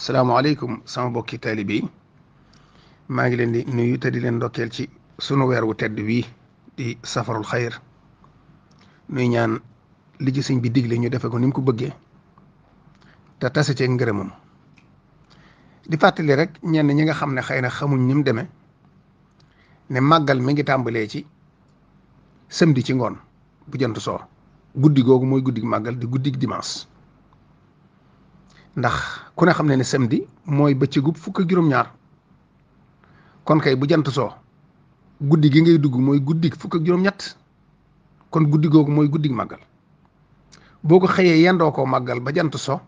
salaamaaleykum sama mbokki taalibe yi maa ngi leen di nuyu te di leen ndokkeel ci sunu weer wu tedd wii di safarul xayr nuy ñaan li ci sëñ bi digle ñu defe ko ni mu ko bëggee te tase cee ngërëmam di fàttali rek ñenn ñi nga xam ne xëy na xamuñ ni mu demee ne màggal mi ngi tàmbalee ci samedi ci ngoon bu jant soo guddi googu mooy guddi màggal di guddi dimanche. ndax ku ne xam ne ne samedi mooy bëccëgu fukk juróom-ñaar kon kay bu jant soo guddi gi ngay dugg mooy guddi fukk ak juróom kon guddi googu mooy guddi màggal boo ko xëyee yendoo ko màggal ba jant soo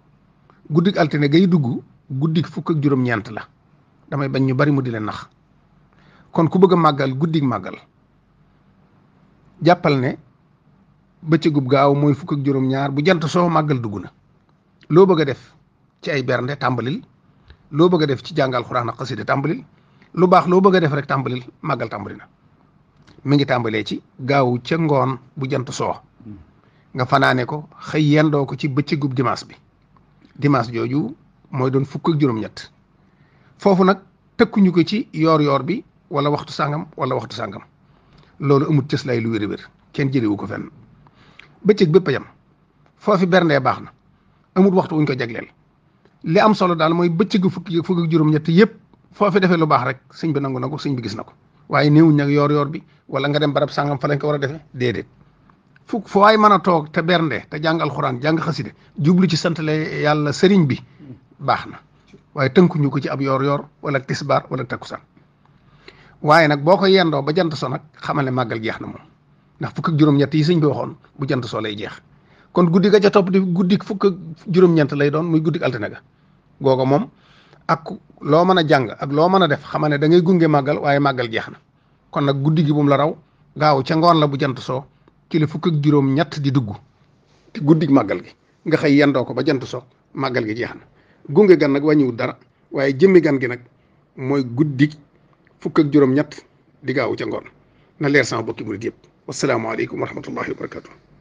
guddi altine gay dugg guddi fukk ak juróom-ñeent la damay bañ ñu bari mu di leen nax kon ku bëgg a màggal guddi màggal jàppal ne bëccëgub gaaw mooy fukk ak juróom-ñaar bu jant soo màggal dugg na loo bëgg a def ci ay bernde tàmbalil loo bëgg a def ci jàngal xuraan ak xasida tàmbalil lu baax loo bëgg a def rek tàmbalil màggal tàmbali na mu ngi tàmbalee ci gaaw ca ngoon bu jant soo nga fanaane ko xëy yendoo ko ci bëccëgub dimaas bi dimanche jooju mooy doon fukk juróom-ñett foofu nag tëkkuñu ko ci yoor-yoor bi wala waxtu sàngam wala waxtu sàngam loolu amut cëslaay lu wér a wér kenn jëriwu ko fenn bëccëg bépp yam foofi berndee baax na amut waxtu wuñ ko jagleel li am solo daal mooy bëccëg fukk fukki juróom-ñett yëpp foo fi defee lu baax rek sëñ bi nangu na ko sëñ bi gis na ko waaye néewuñ nag yoor-yoor bi wala nga dem barab sàngam fa lañ ko war a defee déedéet fukk foo waay mën a toog te bernde te jàng alxuraan jàng xaside jublu ci santale yàlla sëriñ bi baax na waaye tënkuñu ko ci ab yoor-yoor wala tisbaar wala takkusaan waaye nag boo ko yendoo ba jant so nag xamal ne màggal jeex na moom ndax fukk ak juróom-ñett sëñ bi waxoon bu jant so lay jeex kon guddi ga ca topp di guddi fukk juróom-ñeent lay doon muy guddi altine ga googa moom ak loo mën a jàng ak loo mën a def xama ne da ngay gunge màggal waaye màggal jeex na kon nag guddi gi bu la raw gaaw ca ngoon la bu jant soo ci fukk ak di dugg te guddi màggal gi nga xëy yendoo ko ba jant soo màggal gi jeex na gunge gan nag wàññiwul dara waaye jëmmi gan gi nag mooy guddi fukk ak juróom-ñett di gaaw ca ngoon na leer sama bokki murid yëpp wasalaamaaleykum wa rahmatullahi wa